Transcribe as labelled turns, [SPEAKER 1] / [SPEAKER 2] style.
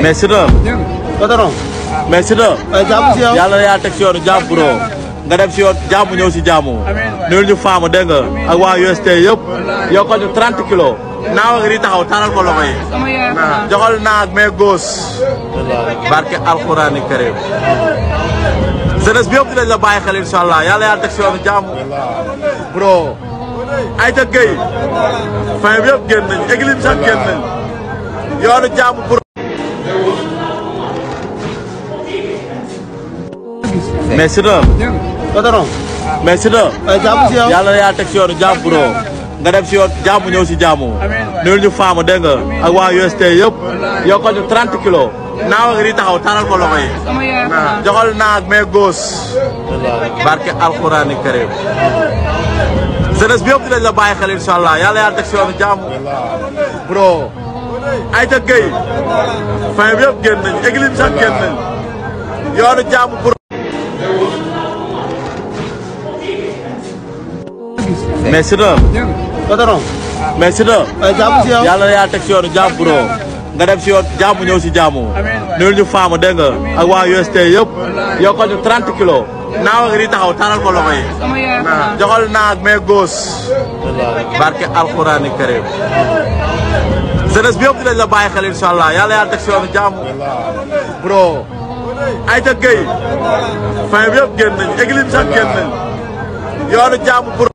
[SPEAKER 1] mais Siteu. patron. mais Siteu. jàpp si yow yàlla na yaa teg si nga dem si yoon jàmbu ñëw ñu faama dégg nga waa UST yëpp yokkal ñu 30 kilos. naaw ak ri taxaw taalal ko loxo yi. joxal naa ak mais góos. barke karim. jeunesse bi yëpp dinañ la bàyyi xel incha allah yàlla yaa teg si yoonu jàmm. bro. Aïda Gueye. fin bi yëpp génn nañ yoonu jàmm bro. mais Siteu. patron. mais Siteu. jàmm si yow yàlla yaa teg si yoonu jàmburoo. nga dem si yoon jàmm ñëw ñu faama dégg nga waa UST yëpp. yokkal ñu 30 kilos. naaw di taxaw taaral ko loxo yi. joxal naa ak mais góos. barke karim. jeunesse bi yëpp dinañ la bàyyi xel incha allah yàlla yaa teg si yoonu jàmm. bro. Aïda Gueye. fin bi yëpp génn nañ église sax génn nañ mais Siteu. Patron. mais eh, jàpp si yow yàlla yaa teg si yoonu jàmburoo nga dem si yoon jàmbu ñëw si jàmbu. amiin ñu nga ak waa UST yëpp yokkal ñu 30 kilos. naaw ak ri taxaw taalal ko loxo yi. joxal naa ak mais góos. barke alxuraani karim. jeunesse bi yëpp dinañ la bàyyi xel incha allah yàlla teg si yoonu jàmbu. bro. Aïda Gueye. fin bi yëpp génn nañ église sax